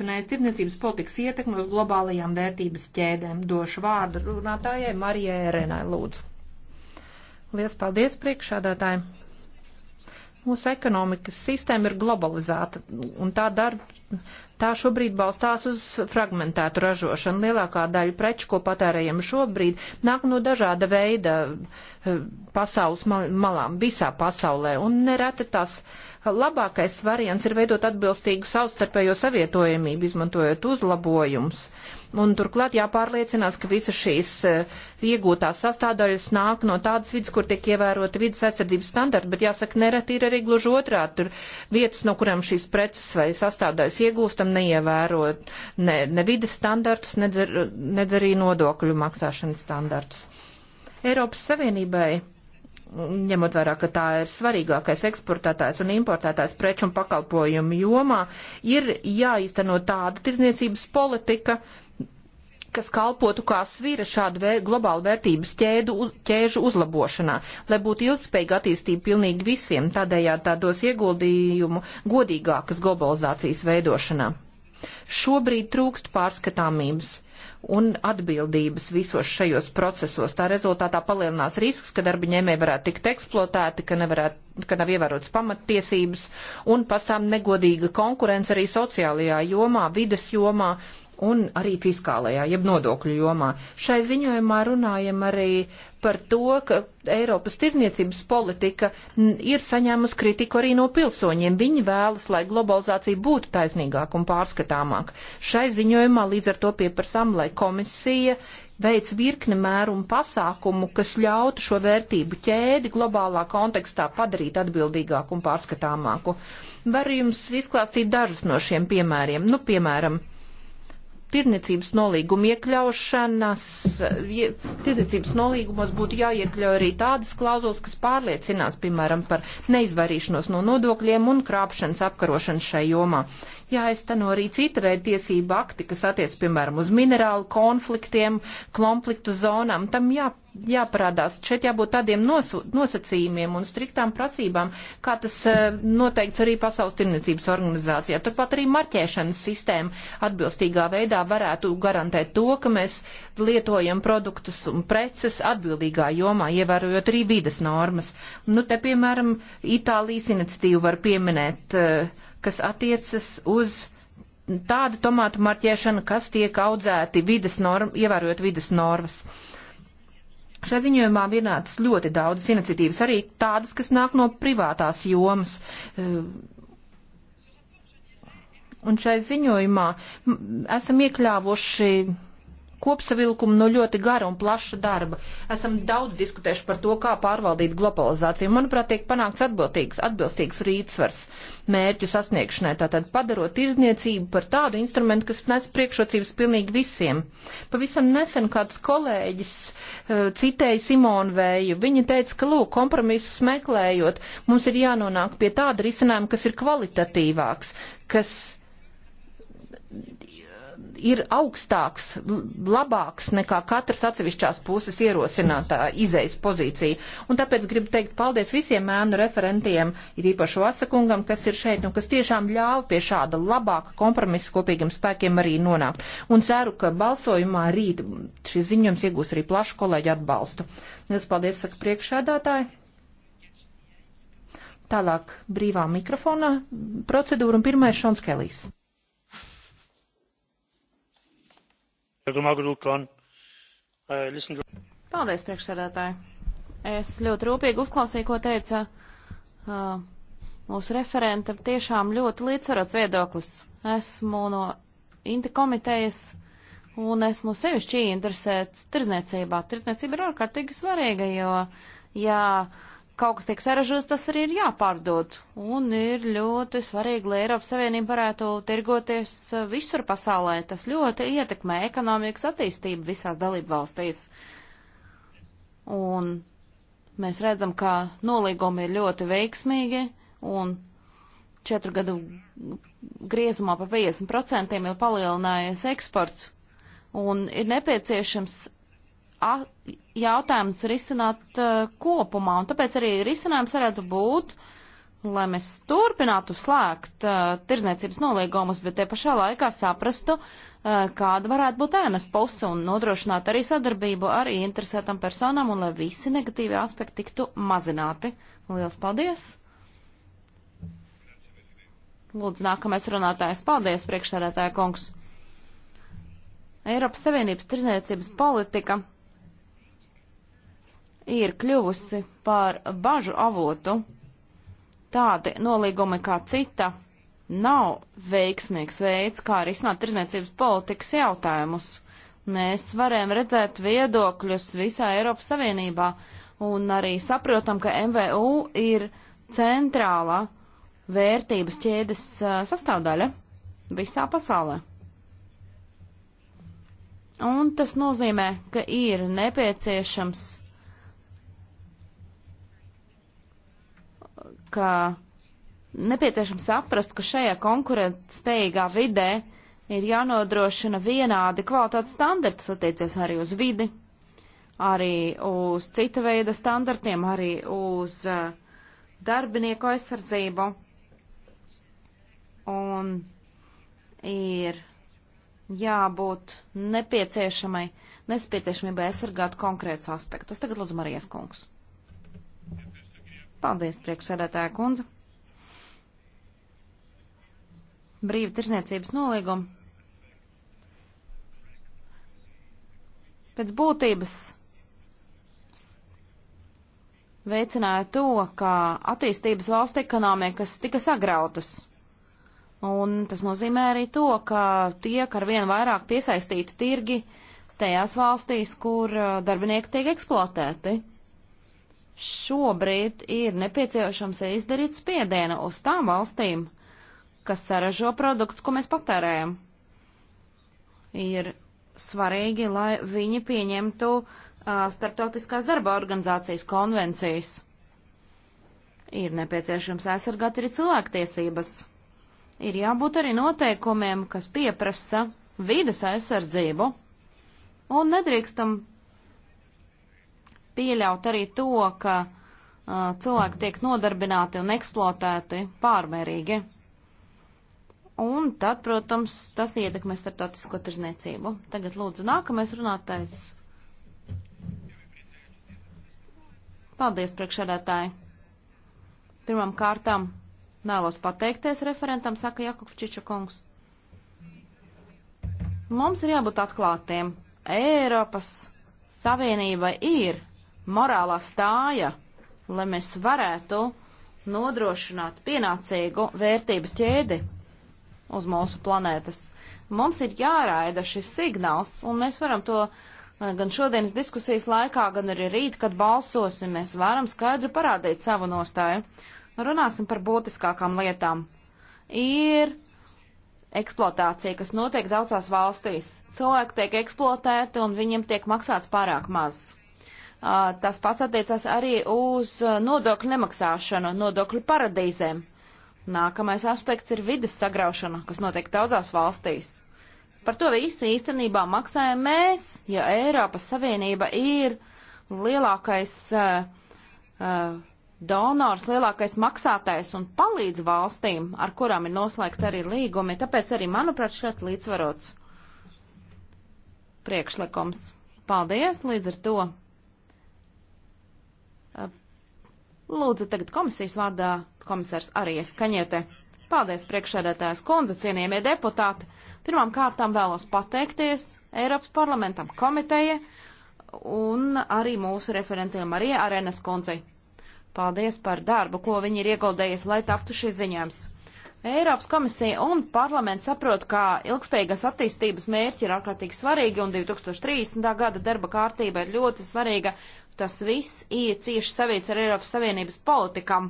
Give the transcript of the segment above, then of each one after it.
Tunējas tirdzniecības politikas ietekmi uz globālajām vērtības ķēdēm. Došu vārdu runātājai Marijai Renai Lūdzu. Lielas paldies priekšādātājiem! Mūsu ekonomikas sistēma ir globalizēta, un tā darba, tā šobrīd balstās uz fragmentētu ražošanu. Lielākā daļa preču, ko patērējam šobrīd, nāk no dažāda veida eh, pasaules malām visā pasaulē, un nereti tas uh, Labākais variants ir veidot atbilstīgu savstarpējo savietojamību, izmantojot uzlabojumus. Un turklāt jāpārliecinās, ka visas šīs eh, iegūtās sastāvdaļas nāk no tādas vidas, kur tiek ievērota vidas aizsardzības standarta, bet jāsaka, nereti ir arī gluži otrā. Tur vietas, no kurām šīs preces vai sastāvdaļas iegūstam, neievērot ne, ne vidas standartus, nedz, nedz arī nodokļu maksāšanas standartus. Eiropas Savienībai ņemot vērā, ka tā ir svarīgākais eksportētājs un importētājs preču un pakalpojumu jomā, ir jāizteno tāda tirzniecības politika, kas kalpotu kā svira šādu vēr, globālu vērtības ķēdu, uz, ķēžu uzlabošanā, lai būtu ilgspējīga attīstība pilnīgi visiem, tādējādi tādos ieguldījumu godīgākas globalizācijas veidošanā. Šobrīd trūkst pārskatāmības un atbildības visos šajos procesos. Tā rezultātā palielinās risks, ka darba ņēmēji varētu tikt eksploatēti, ka, nevarētu, ka nav ievērotas pamattiesības un pastāv negodīga konkurence arī sociālajā jomā, vides jomā un arī fiskālajā, jeb nodokļu jomā. Šai ziņojumā runājam arī par to, ka Eiropas tirniecības politika ir saņēmusi kritiku arī no pilsoņiem. Viņi vēlas, lai globalizācija būtu taisnīgāka un pārskatāmāka. Šai ziņojumā līdz ar to pieprasām, lai komisija veic virkni mērumu pasākumu, kas ļautu šo vērtību ķēdi globālā kontekstā padarīt atbildīgāku un pārskatāmāku. Varu jums izklāstīt dažus no šiem piemēriem. Nu, piemēram, tirniecības nolīguma iekļaušanas, tirniecības nolīgumos būtu jāiekļauj arī tādas klauzulas, kas pārliecinās, piemēram, par neizvairīšanos no nodokļiem un krāpšanas apkarošanu šai jomā jāizteno arī cita veida tiesība akti, kas attiec, piemēram, uz minerālu konfliktiem, konfliktu zonām. Tam jā, jāparādās. Šeit jābūt tādiem nos, nosacījumiem un striktām prasībām, kā tas eh, noteikts arī Pasaules tirniecības organizācijā. Turpat arī marķēšanas sistēma atbilstīgā veidā varētu garantēt to, ka mēs lietojam produktus un preces atbildīgā jomā, ievērojot arī vides normas. Nu, te, piemēram, Itālijas iniciatīvu var pieminēt. Uh, kas attiecas uz tādu tomātu marķēšanu, kas tiek audzēti vides norm, ievērojot vides normas. Šajā ziņojumā vienādas ļoti daudzas iniciatīvas, arī tādas, kas nāk no privātās jomas. Un šai ziņojumā esam iekļāvuši kopsavilkumu no ļoti gara un plaša darba. Esam daudz diskutējuši par to, kā pārvaldīt globalizāciju. Manuprāt, tiek panākts atbildīgs, atbilstīgs rītsvars mērķu sasniegšanai, tātad padarot tirzniecību par tādu instrumentu, kas nes priekšrocības pilnīgi visiem. Pavisam nesen kāds kolēģis uh, citēja Simonu Vēju. Viņa teica, ka, lūk, kompromisus meklējot, mums ir jānonāk pie tāda risinājuma, kas ir kvalitatīvāks, kas ir augstāks, labāks nekā katras atsevišķās puses ierosinātā izejas pozīcija. Un tāpēc gribu teikt paldies visiem mēnu referentiem, ir īpaši Vasakungam, kas ir šeit un kas tiešām ļāva pie šāda labāka kompromisa kopīgiem spēkiem arī nonākt. Un ceru, ka balsojumā rīt šis ziņojums iegūs arī plašu kolēģu atbalstu. Es paldies, saka priekšēdātāji. Tālāk brīvā mikrofona procedūra un pirmais Šons Kelijs. Paldies, priekšsēdētāji. Es ļoti rūpīgi uzklausīju, ko teica uh, mūsu referenta. Tiešām ļoti līdzsvarots viedoklis. Esmu no Inta komitejas un esmu sevišķi interesēts tirzniecībā. Tirzniecība ir ārkārtīgi svarīga, jo, ja kaut kas tiek saražots, tas arī ir jāpārdod. Un ir ļoti svarīgi, lai Eiropas Savienība varētu tirgoties uh, visur pasaulē. Tas ļoti ietekmē ekonomikas attīstību visās dalību valstīs. Un mēs redzam, ka nolīgumi ir ļoti veiksmīgi un četru gadu griezumā pa 50% ir palielinājies eksports. Un ir nepieciešams jautājums risināt uh, kopumā, un tāpēc arī risinājums varētu būt, lai mēs turpinātu slēgt uh, tirzniecības noliegumus, bet te pašā laikā saprastu, uh, kāda varētu būt ēnas puse un nodrošināt arī sadarbību ar interesētām personām, un lai visi negatīvi aspekti tiktu mazināti. Lielas paldies! Lūdzu, nākamais runātājs. Paldies, priekšsēdētāja kungs! Eiropas Savienības tirzniecības politika ir kļuvusi par bažu avotu. Tādi nolīgumi kā cita nav veiksmīgs veids, kā arī snākt tirzniecības politikas jautājumus. Mēs varējām redzēt viedokļus visā Eiropas Savienībā un arī saprotam, ka MVU ir centrālā vērtības ķēdes sastāvdaļa visā pasaulē. Un tas nozīmē, ka ir nepieciešams ka nepieciešams saprast, ka šajā konkurētspējīgā vidē ir jānodrošina vienādi kvalitātes standarts, attiecies arī uz vidi, arī uz cita veida standartiem, arī uz uh, darbinieku aizsardzību. Un ir jābūt nepieciešamai, nepieciešamībai aizsargāt konkrētus aspektus. Tagad lūdzu Marijas kungs. Paldies, priekšsēdētāja kundze. Brīva tirsniecības nolīguma. Pēc būtības veicināja to, ka attīstības valstu ekonomikas tika sagrautas. Un tas nozīmē arī to, ka tiek ar vien vairāk piesaistīti tirgi tajās valstīs, kur uh, darbinieki tiek eksploatēti šobrīd ir nepieciešams izdarīt spiedienu uz tām valstīm, kas saražo produktus, ko mēs patērējam. Ir svarīgi, lai viņi pieņemtu uh, starptautiskās darba organizācijas konvencijas. Ir nepieciešams aizsargāt arī cilvēktiesības. Ir jābūt arī noteikumiem, kas pieprasa vīdes aizsardzību, un nedrīkstam pieļaut arī to, ka uh, cilvēki tiek nodarbināti un eksploatēti pārmērīgi. Un tad, protams, tas ietekmē starptautisko tirzniecību. Tagad lūdzu nākamais runātais. Paldies, priekšsēdētāji. Pirmam kārtām vēlos pateikties referentam, saka Jakobs Čiča kungs. Mums ir jābūt atklātiem. Eiropas Savienība ir morālā stāja, lai mēs varētu nodrošināt pienācīgu vērtības ķēdi uz mūsu planētas. Mums ir jāraida šis signāls, un mēs varam to eh, gan šodienas diskusijas laikā, gan arī rīt, kad balsosim, mēs varam skaidri parādīt savu nostāju. Runāsim par būtiskākām lietām. Ir eksploatācija, kas notiek daudzās valstīs. Cilvēki tiek eksploatēti un viņiem tiek maksāts pārāk maz. Tas pats attiecas arī uz nodokļu nemaksāšanu, nodokļu paradīzēm. Nākamais aspekts ir vides sagraušana, kas notiek daudzās valstīs. Par to visu īstenībā maksājam mēs, jo Eiropas Savienība ir lielākais uh, uh, donors, lielākais maksātājs un palīdz valstīm, ar kurām ir noslēgta arī līgumi. Tāpēc arī, manuprāt, šeit līdzsvarots priekšlikums. Paldies, līdz ar to Lūdzu, tagad komisijas vārdā komisārs Arijas Kaņiete. Paldies, priekšsēdētājs kundze, cienījamie deputāti. Pirmām kārtām vēlos pateikties Eiropas parlamentam komiteja un arī mūsu referentiem Marija Arēnas kundzei. Paldies par darbu, ko viņi ir ieguldējusi, lai taptu šis ziņojums. Eiropas komisija un parlaments saprot, ka ilgspējīgas attīstības mērķi ir ārkārtīgi svarīgi un 2030. gada darba kārtība ir ļoti svarīga Tas viss ir cieši savīts ar Eiropas Savienības politikam.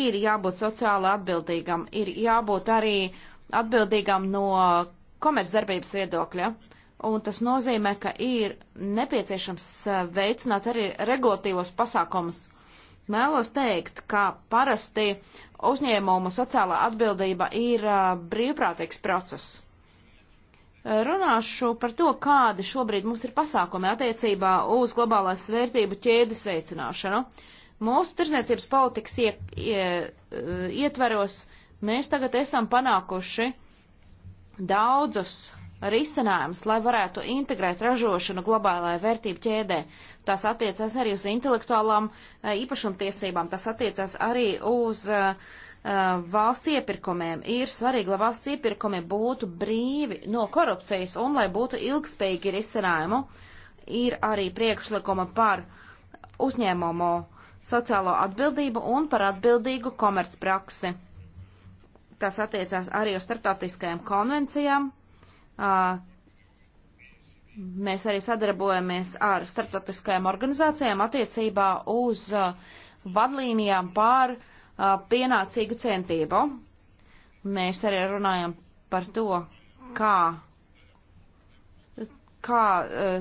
Ir jābūt sociāli atbildīgam, ir jābūt arī atbildīgam no komercdarbības viedokļa. Un tas nozīmē, ka ir nepieciešams e, veicināt arī regulatīvos pasākumus. Mēlos teikt, ka parasti uzņēmumu sociālā atbildība ir e, brīvprātīgs process runāšu par to, kādi šobrīd mums ir pasākumi attiecībā uz globālās vērtību ķēdes veicināšanu. Mūsu tirzniecības politikas ie, ie, ietveros mēs tagad esam panākuši daudzus risinājumus, lai varētu integrēt ražošanu globālajā vērtību ķēdē. Tas attiecas arī uz intelektuālām e, īpašumtiesībām, tas attiecas arī uz uh, Uh, valsts iepirkumiem. Ir svarīgi, lai valsts iepirkumi būtu brīvi no korupcijas un lai būtu ilgspējīgi risinājumu. Ir arī priekšlikuma par uzņēmumu sociālo atbildību un par atbildīgu komercpraksi. Tas attiecās arī uz starptautiskajām konvencijām. Uh, mēs arī sadarbojamies ar starptautiskajām organizācijām attiecībā uz uh, vadlīnijām pār uh, pienācīgu centību. Mēs arī runājam par to, kā, kā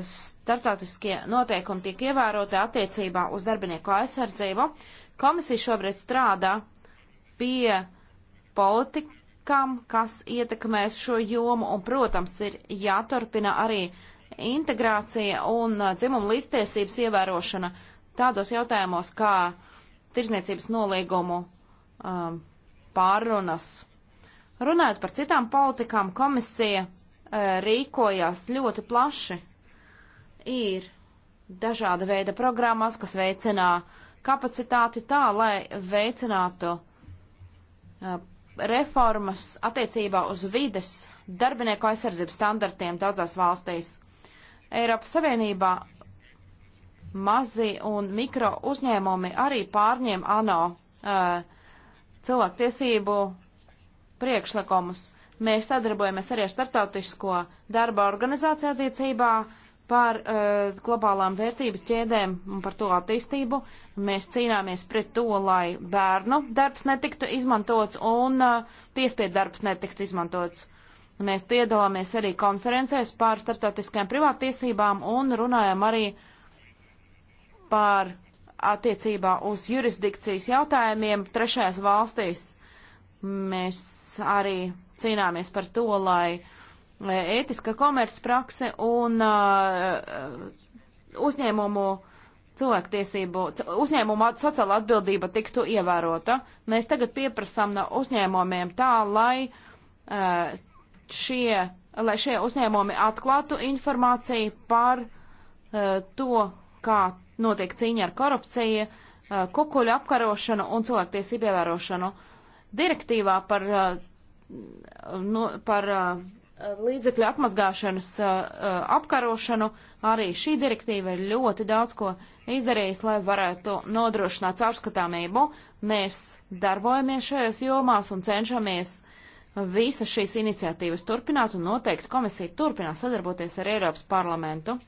startautiskie noteikumi tiek ievēroti attiecībā uz darbinieku aizsardzību. Komisija šobrīd strādā pie politikām, kas ietekmēs šo jomu, un, protams, ir jāturpina arī integrācija un dzimuma līdztiesības ievērošana tādos jautājumos kā tirzniecības nolīgumu um, pārrunas. Runājot par citām politikām, komisija uh, rīkojās ļoti plaši. Ir dažāda veida programmas, kas veicinā kapacitāti tā, lai veicinātu uh, reformas attiecībā uz vides darbinieku aizsardzības standartiem daudzās valstīs. Eiropas Savienībā mazi un mikro uzņēmumi arī pārņem ANO uh, cilvēktiesību priekšlikumus. Mēs sadarbojamies arī ar Startautisko darba organizāciju attiecībā par uh, globālām vērtības ķēdēm un par to attīstību. Mēs cīnāmies pret to, lai bērnu darbs netiktu izmantots un uh, piespiedu darbs netiktu izmantots. Mēs piedalāmies arī konferencēs par starptautiskajām privātiesībām un runājam arī uh, par attiecībā uz jurisdikcijas jautājumiem trešajās valstīs. Mēs arī cīnāmies par to, lai ētiska komercprakse un uh, uzņēmumu cilvēktiesību, uzņēmumu sociāla atbildība tiktu ievērota. Mēs tagad pieprasām no uzņēmumiem tā, lai uh, šie, lai šie uzņēmumi atklātu informāciju par uh, to, kā notiek cīņa ar korupciju, eh, kukuļu apkarošanu un cilvēktiesību ievērošanu. Direktīvā par, eh, no, par eh, līdzekļu apmazgāšanas apkarošanu arī šī direktīva ir ļoti daudz ko izdarījusi, lai varētu nodrošināt caurskatāmību. Mēs darbojamies šajās jomās un cenšamies visas šīs iniciatīvas turpināt un noteikti komisija turpinās sadarboties ar Eiropas parlamentu.